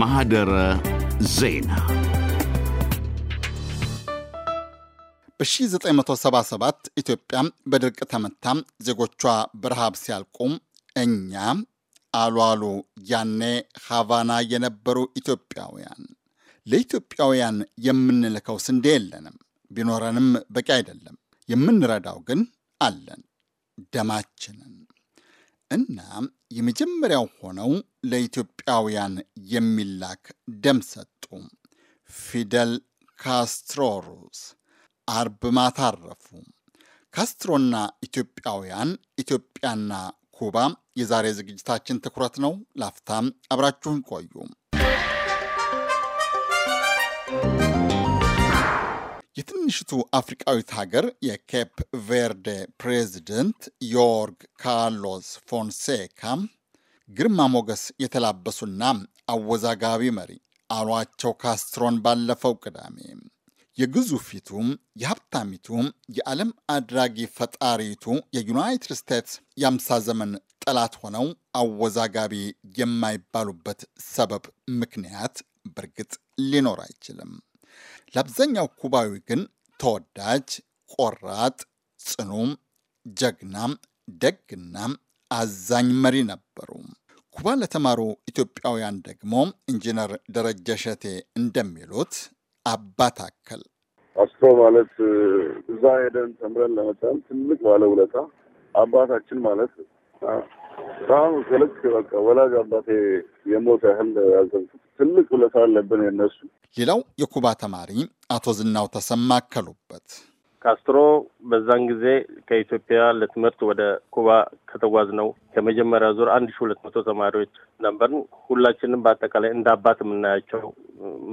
ማህደረ ዜና በ1977 ኢትዮጵያ በድርቅ ተመታ፣ ዜጎቿ በረሃብ ሲያልቁ እኛ አሉ አሉ ያኔ ሃቫና የነበሩ ኢትዮጵያውያን። ለኢትዮጵያውያን የምንልከው ስንዴ የለንም፣ ቢኖረንም በቂ አይደለም። የምንረዳው ግን አለን፣ ደማችንን እና የመጀመሪያው ሆነው ለኢትዮጵያውያን የሚላክ ደም ሰጡ። ፊደል ካስትሮሩስ አርብ ማታ አረፉ። ካስትሮና ኢትዮጵያውያን፣ ኢትዮጵያና ኩባ የዛሬ ዝግጅታችን ትኩረት ነው። ላፍታም አብራችሁን ቆዩም። የትንሽቱ አፍሪቃዊት ሀገር የኬፕ ቬርዴ ፕሬዚደንት ዮርግ ካርሎስ ፎንሴካ ግርማ ሞገስ የተላበሱና አወዛጋቢ መሪ አሏቸው ካስትሮን ባለፈው ቅዳሜ የግዙፊቱ የሀብታሚቱ የዓለም አድራጊ ፈጣሪቱ የዩናይትድ ስቴትስ የአምሳ ዘመን ጠላት ሆነው አወዛጋቢ የማይባሉበት ሰበብ ምክንያት በእርግጥ ሊኖር አይችልም። ለአብዛኛው ኩባዊ ግን ተወዳጅ፣ ቆራጥ፣ ጽኑም፣ ጀግናም፣ ደግናም አዛኝ መሪ ነበሩ። ኩባ ለተማሩ ኢትዮጵያውያን ደግሞ ኢንጂነር ደረጀ ሸቴ እንደሚሉት አባት አከል አስሮ ማለት እዛ ሄደን ተምረን ለመጣም ትልቅ ባለ ውለታ አባታችን ማለት ነው። በጣም ከልክ በቃ ወላጅ አባቴ የሞት ያህል ያዘንኩት ትልቅ ውለታ አለብን የነሱ። ሌላው የኩባ ተማሪ አቶ ዝናው ተሰማ አከሉበት። ካስትሮ በዛን ጊዜ ከኢትዮጵያ ለትምህርት ወደ ኩባ ከተጓዝ ነው ከመጀመሪያ ዙር አንድ ሺ ሁለት መቶ ተማሪዎች ነበርን። ሁላችንም በአጠቃላይ እንደ አባት የምናያቸው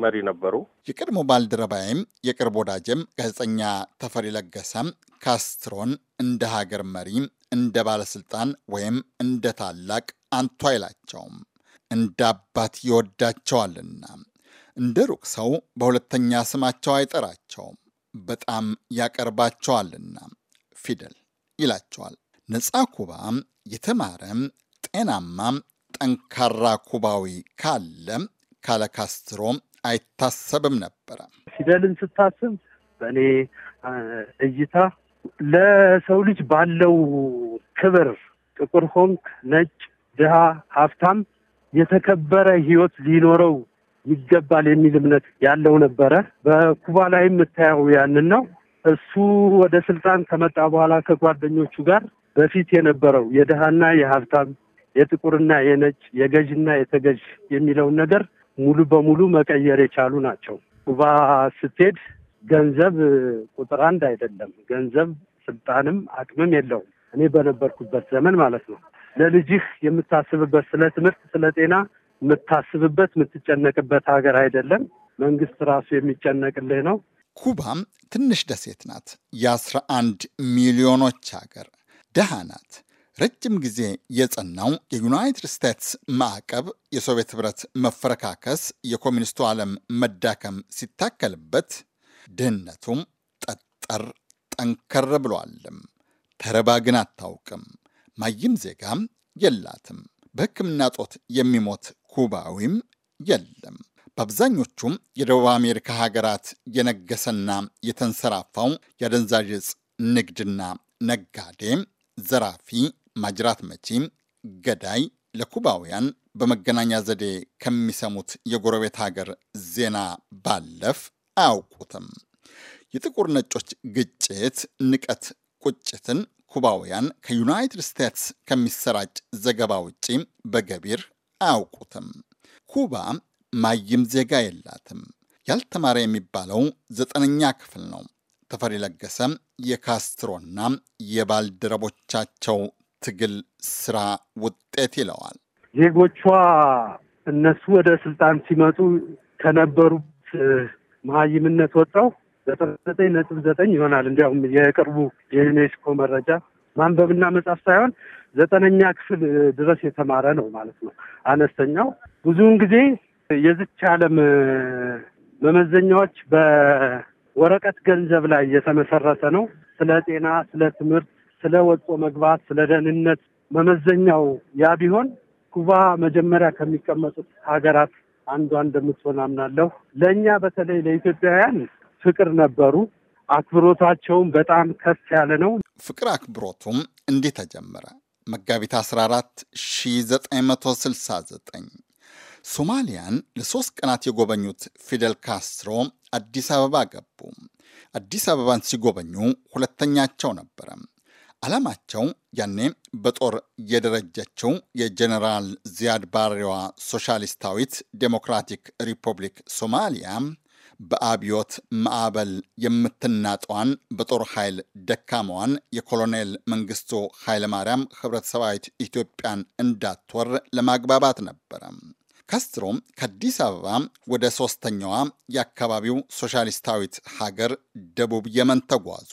መሪ ነበሩ። የቀድሞ ባልደረባይም የቅርብ ወዳጅም ጋዜጠኛ ተፈሪ ለገሰም ካስትሮን እንደ ሀገር መሪ እንደ ባለስልጣን ወይም እንደ ታላቅ አንቱ አይላቸውም። እንደ አባት ይወዳቸዋልና እንደ ሩቅ ሰው በሁለተኛ ስማቸው አይጠራቸውም፣ በጣም ያቀርባቸዋልና ፊደል ይላቸዋል። ነፃ ኩባ የተማረም ጤናማ ጠንካራ ኩባዊ ካለ ካለ ካስትሮ አይታሰብም ነበረ። ፊደልን ስታስብ በእኔ እይታ ለሰው ልጅ ባለው ክብር ጥቁር ሆንክ፣ ነጭ፣ ድሃ፣ ሀብታም የተከበረ ህይወት ሊኖረው ይገባል የሚል እምነት ያለው ነበረ። በኩባ ላይ የምታየው ያንን ነው። እሱ ወደ ስልጣን ከመጣ በኋላ ከጓደኞቹ ጋር በፊት የነበረው የድሃና የሀብታም የጥቁርና የነጭ የገዥና የተገዥ የሚለውን ነገር ሙሉ በሙሉ መቀየር የቻሉ ናቸው። ኩባ ስትሄድ ገንዘብ ቁጥር አንድ አይደለም። ገንዘብ ስልጣንም አቅምም የለውም። እኔ በነበርኩበት ዘመን ማለት ነው። ለልጅህ የምታስብበት ስለ ትምህርት፣ ስለ ጤና የምታስብበት የምትጨነቅበት ሀገር አይደለም። መንግስት ራሱ የሚጨነቅልህ ነው። ኩባም ትንሽ ደሴት ናት። የአስራ አንድ ሚሊዮኖች ሀገር ደሃ ናት። ረጅም ጊዜ የጸናው የዩናይትድ ስቴትስ ማዕቀብ፣ የሶቪየት ህብረት መፈረካከስ፣ የኮሚኒስቱ ዓለም መዳከም ሲታከልበት ድህነቱም ጠጠር ጠንከር ብሏልም። ተረባ ግን አታውቅም። ማይም ዜጋም የላትም። በሕክምና ጦት የሚሞት ኩባዊም የለም። በአብዛኞቹም የደቡብ አሜሪካ ሀገራት የነገሰና የተንሰራፋው የአደንዛዥ ንግድና ነጋዴ፣ ዘራፊ፣ ማጅራት መቺ፣ ገዳይ ለኩባውያን በመገናኛ ዘዴ ከሚሰሙት የጎረቤት ሀገር ዜና ባለፍ አያውቁትም። የጥቁር ነጮች ግጭት፣ ንቀት፣ ቁጭትን ኩባውያን ከዩናይትድ ስቴትስ ከሚሰራጭ ዘገባ ውጪ በገቢር አያውቁትም። ኩባ ማይም ዜጋ የላትም። ያልተማረ የሚባለው ዘጠነኛ ክፍል ነው። ተፈሪ ለገሰ የካስትሮና የባልደረቦቻቸው ትግል ስራ ውጤት ይለዋል። ዜጎቿ እነሱ ወደ ስልጣን ሲመጡ ከነበሩት መሀይምነት ወጥተው ዘጠና ዘጠኝ ነጥብ ዘጠኝ ይሆናል። እንዲያውም የቅርቡ የዩኔስኮ መረጃ ማንበብና መጻፍ ሳይሆን ዘጠነኛ ክፍል ድረስ የተማረ ነው ማለት ነው። አነስተኛው ብዙውን ጊዜ የዝች ዓለም መመዘኛዎች በወረቀት ገንዘብ ላይ የተመሰረተ ነው። ስለ ጤና፣ ስለ ትምህርት፣ ስለ ወጦ መግባት፣ ስለ ደህንነት መመዘኛው ያ ቢሆን ኩባ መጀመሪያ ከሚቀመጡት ሀገራት አንዷ እንደምትሆን አምናለሁ። ለእኛ በተለይ ለኢትዮጵያውያን ፍቅር ነበሩ። አክብሮታቸውም በጣም ከፍ ያለ ነው። ፍቅር አክብሮቱም እንዲህ ተጀመረ። መጋቢት 14 1969 ሶማሊያን ለሶስት ቀናት የጎበኙት ፊደል ካስትሮ አዲስ አበባ ገቡ። አዲስ አበባን ሲጎበኙ ሁለተኛቸው ነበረ። ዓላማቸው ያኔ በጦር የደረጀችው የጀኔራል ዚያድ ባሬዋ ሶሻሊስታዊት ዴሞክራቲክ ሪፐብሊክ ሶማሊያ በአብዮት ማዕበል የምትናጧን በጦር ኃይል ደካማዋን የኮሎኔል መንግስቱ ኃይለማርያም ህብረተሰባዊት ኢትዮጵያን እንዳትወር ለማግባባት ነበረ። ካስትሮም ከአዲስ አበባ ወደ ሶስተኛዋ የአካባቢው ሶሻሊስታዊት ሀገር ደቡብ የመን ተጓዙ።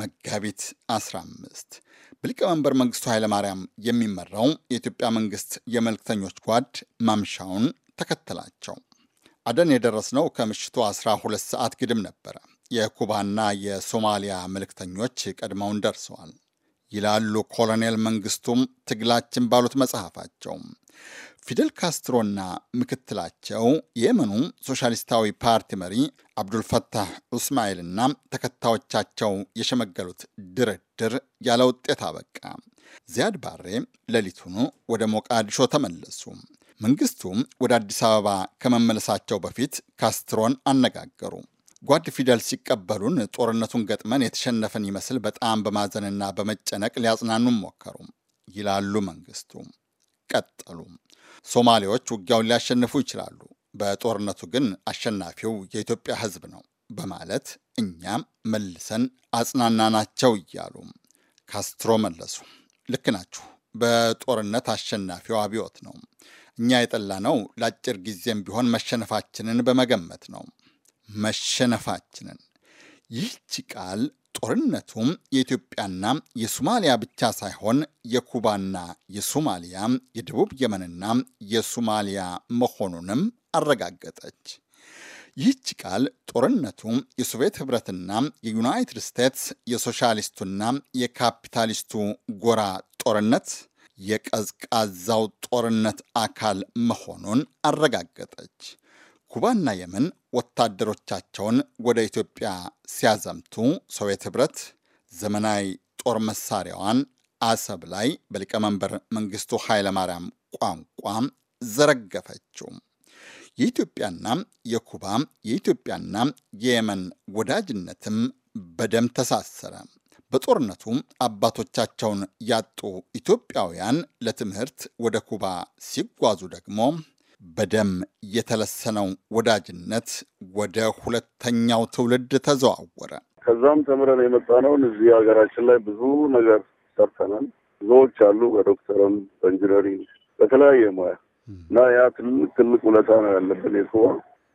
መጋቢት 15 በሊቀመንበር መንግስቱ ኃይለማርያም የሚመራው የኢትዮጵያ መንግስት የመልክተኞች ጓድ ማምሻውን ተከተላቸው። አደን የደረስነው ከምሽቱ 12 ሰዓት ግድም ነበረ። የኩባና የሶማሊያ መልእክተኞች ቀድመውን ደርሰዋል ይላሉ ኮሎኔል መንግስቱም ትግላችን ባሉት መጽሐፋቸው። ፊደል ካስትሮና ምክትላቸው የየመኑ ሶሻሊስታዊ ፓርቲ መሪ አብዱልፈታህ ዑስማኤልና ተከታዮቻቸው የሸመገሉት ድርድር ያለ ውጤት አበቃ። ዚያድ ባሬ ሌሊቱኑ ወደ ሞቃዲሾ ተመለሱ። መንግስቱም ወደ አዲስ አበባ ከመመለሳቸው በፊት ካስትሮን አነጋገሩ። ጓድ ፊደል ሲቀበሉን ጦርነቱን ገጥመን የተሸነፈን ይመስል በጣም በማዘንና በመጨነቅ ሊያጽናኑን ሞከሩ ይላሉ መንግስቱ። ቀጠሉ። ሶማሌዎች ውጊያውን ሊያሸንፉ ይችላሉ፣ በጦርነቱ ግን አሸናፊው የኢትዮጵያ ሕዝብ ነው በማለት እኛም መልሰን አጽናናናቸው እያሉ ካስትሮ መለሱ። ልክ ናችሁ፣ በጦርነት አሸናፊው አብዮት ነው እኛ የጠላ ነው ለአጭር ጊዜም ቢሆን መሸነፋችንን በመገመት ነው። መሸነፋችንን ይህች ቃል ጦርነቱም የኢትዮጵያና የሱማሊያ ብቻ ሳይሆን የኩባና የሱማሊያ የደቡብ የመንና የሱማሊያ መሆኑንም አረጋገጠች። ይህች ቃል ጦርነቱ የሶቪየት ህብረትና የዩናይትድ ስቴትስ የሶሻሊስቱና የካፒታሊስቱ ጎራ ጦርነት የቀዝቃዛው ጦርነት አካል መሆኑን አረጋገጠች። ኩባና የመን ወታደሮቻቸውን ወደ ኢትዮጵያ ሲያዘምቱ ሶቪየት ህብረት ዘመናዊ ጦር መሳሪያዋን አሰብ ላይ በሊቀመንበር መንግስቱ ኃይለማርያም ቋንቋ ዘረገፈችው። የኢትዮጵያና የኩባ የኢትዮጵያና የየመን ወዳጅነትም በደም ተሳሰረ። በጦርነቱ አባቶቻቸውን ያጡ ኢትዮጵያውያን ለትምህርት ወደ ኩባ ሲጓዙ ደግሞ በደም የተለሰነው ወዳጅነት ወደ ሁለተኛው ትውልድ ተዘዋወረ። ከዛም ተምረን የመጣነውን እዚህ ሀገራችን ላይ ብዙ ነገር ሰርተናል። ብዙዎች አሉ፣ በዶክተርም፣ በኢንጂነሪንግ፣ በተለያየ ሙያ እና ያ ትልቅ ትልቅ ውለታ ነው ያለብን የኩባ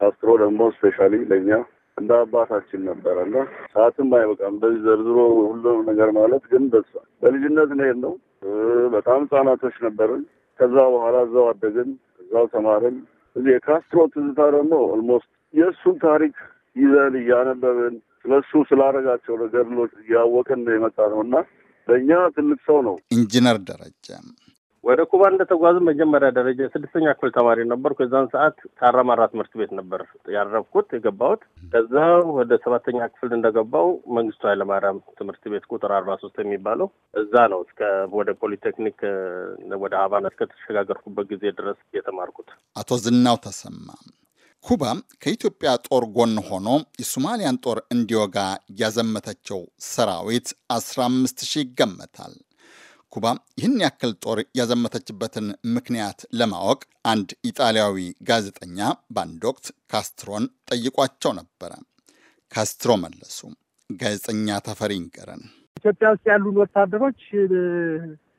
አስትሮ ደግሞ ስፔሻሊ ለእኛ እንደ አባታችን ነበረ እና ሰዓትም አይበቃም በዚህ ዘርዝሮ ሁሉም ነገር ማለት ግን በሷ በልጅነት ነው ነው በጣም ህጻናቶች ነበርን። ከዛ በኋላ እዛው አደግን፣ እዛው ተማርን። እዚ የካስትሮ ትዝታ ደግሞ ኦልሞስት የእሱን ታሪክ ይዘን እያነበብን ስለሱ ስላደረጋቸው ነገር እያወቅን የመጣ ነው እና ለእኛ ትልቅ ሰው ነው ኢንጂነር ደረጀ ወደ ኩባ እንደተጓዝን መጀመሪያ ደረጃ ስድስተኛ ክፍል ተማሪ ነበር የዛን ሰዓት ካራማራ ትምህርት ቤት ነበር ያረፍኩት የገባሁት። ከዛ ወደ ሰባተኛ ክፍል እንደገባው መንግስቱ ኃይለማርያም ትምህርት ቤት ቁጥር አርባ ሶስት የሚባለው እዛ ነው እስከ ወደ ፖሊቴክኒክ ወደ ሀቫና እስከተሸጋገርኩበት ጊዜ ድረስ የተማርኩት። አቶ ዝናው ተሰማ ኩባ ከኢትዮጵያ ጦር ጎን ሆኖ የሶማሊያን ጦር እንዲወጋ ያዘመተቸው ሰራዊት አስራ አምስት ሺህ ይገመታል። ኩባ ይህን ያክል ጦር ያዘመተችበትን ምክንያት ለማወቅ አንድ ኢጣሊያዊ ጋዜጠኛ በአንድ ወቅት ካስትሮን ጠይቋቸው ነበረ። ካስትሮ መለሱ። ጋዜጠኛ ተፈሪ ይንገረን። ኢትዮጵያ ውስጥ ያሉን ወታደሮች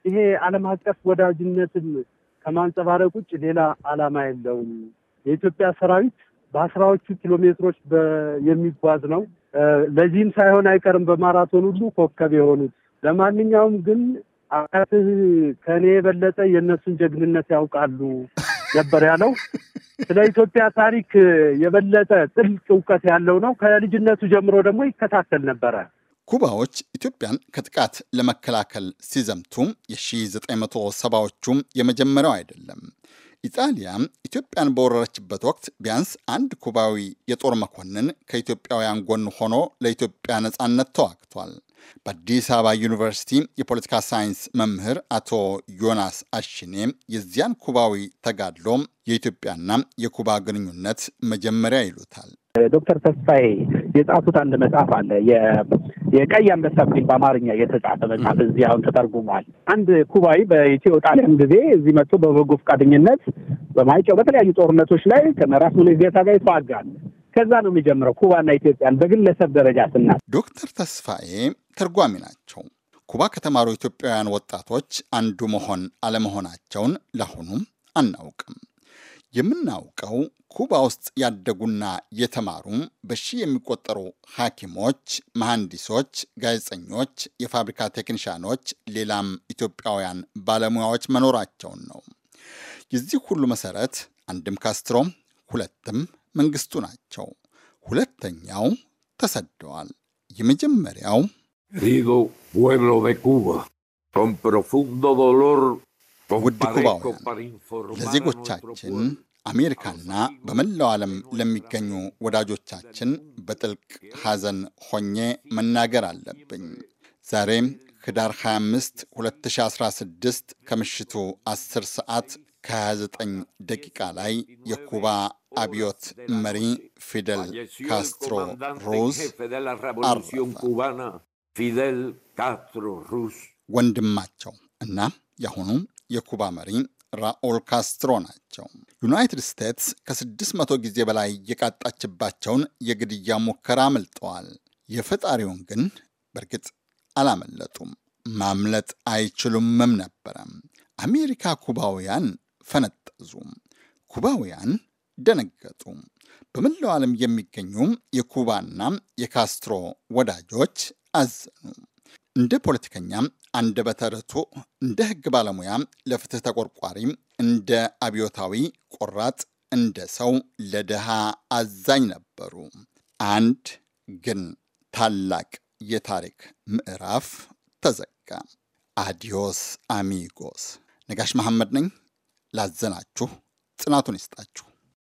ይሄ ዓለም አቀፍ ወዳጅነትን ከማንጸባረቅ ውጭ ሌላ ዓላማ የለውም። የኢትዮጵያ ሰራዊት በአስራዎቹ ኪሎ ሜትሮች የሚጓዝ ነው። ለዚህም ሳይሆን አይቀርም በማራቶን ሁሉ ኮከብ የሆኑት። ለማንኛውም ግን አባትህ ከእኔ የበለጠ የእነሱን ጀግንነት ያውቃሉ ነበር ያለው። ስለ ኢትዮጵያ ታሪክ የበለጠ ጥልቅ እውቀት ያለው ነው። ከልጅነቱ ጀምሮ ደግሞ ይከታተል ነበረ። ኩባዎች ኢትዮጵያን ከጥቃት ለመከላከል ሲዘምቱ የ 1970 ዎቹም የመጀመሪያው አይደለም። ኢጣሊያ ኢትዮጵያን በወረረችበት ወቅት ቢያንስ አንድ ኩባዊ የጦር መኮንን ከኢትዮጵያውያን ጎን ሆኖ ለኢትዮጵያ ነፃነት ተዋግቷል። በአዲስ አበባ ዩኒቨርሲቲ የፖለቲካ ሳይንስ መምህር አቶ ዮናስ አሽኔ የዚያን ኩባዊ ተጋድሎ የኢትዮጵያና የኩባ ግንኙነት መጀመሪያ ይሉታል። ዶክተር ተስፋዬ የጻፉት አንድ መጽሐፍ አለ የቀይ አንበሳ ፊልም በአማርኛ የተጻፈ መጽሐፍ እዚህ አሁን ተተርጉሟል። አንድ ኩባዊ በኢትዮ ጣሊያን ጊዜ እዚህ መጥቶ በበጎ ፈቃደኝነት በማይጨው በተለያዩ ጦርነቶች ላይ ከምዕራብ ሞሌዜታ ጋር ይተዋጋል። ከዛ ነው የሚጀምረው ኩባና ኢትዮጵያን በግለሰብ ደረጃ ስናት ዶክተር ተስፋዬ ተርጓሚ ናቸው። ኩባ ከተማሩ ኢትዮጵያውያን ወጣቶች አንዱ መሆን አለመሆናቸውን ለአሁኑም አናውቅም። የምናውቀው ኩባ ውስጥ ያደጉና የተማሩ በሺ የሚቆጠሩ ሐኪሞች፣ መሐንዲሶች፣ ጋዜጠኞች፣ የፋብሪካ ቴክኒሽያኖች ሌላም ኢትዮጵያውያን ባለሙያዎች መኖራቸውን ነው። የዚህ ሁሉ መሰረት አንድም ካስትሮ፣ ሁለትም መንግስቱ ናቸው። ሁለተኛው ተሰደዋል። የመጀመሪያው Querido pueblo de Cuba, con profundo dolor ውድ ኩባውያን ለዜጎቻችን አሜሪካና በመላው ዓለም ለሚገኙ ወዳጆቻችን በጥልቅ eh, ሐዘን ሆኜ eh, መናገር eh, አለብኝ። ዛሬ ህዳር 25 2016 ከምሽቱ 10 ሰዓት ከ29 ደቂቃ ላይ የኩባ አብዮት መሪ ፊደል ካስትሮ ሮዝ አረፈ። ፊደል ካስትሮ ሩስ ወንድማቸው እና የአሁኑ የኩባ መሪ ራኦል ካስትሮ ናቸው። ዩናይትድ ስቴትስ ከ600 ጊዜ በላይ የቃጣችባቸውን የግድያ ሙከራ አምልጠዋል። የፈጣሪውን ግን በእርግጥ አላመለጡም። ማምለጥ አይችሉምም ነበረ። አሜሪካ ኩባውያን ፈነጠዙ። ኩባውያን ደነገጡ። በመላው ዓለም የሚገኙ የኩባና የካስትሮ ወዳጆች አዘኑ። እንደ ፖለቲከኛ አንደ በተረቱ እንደ ሕግ ባለሙያ ለፍትህ ተቆርቋሪ፣ እንደ አብዮታዊ ቆራጥ፣ እንደ ሰው ለድሃ አዛኝ ነበሩ። አንድ ግን ታላቅ የታሪክ ምዕራፍ ተዘጋ። አዲዮስ አሚጎስ። ነጋሽ መሐመድ ነኝ። ላዘናችሁ ጽናቱን ይስጣችሁ።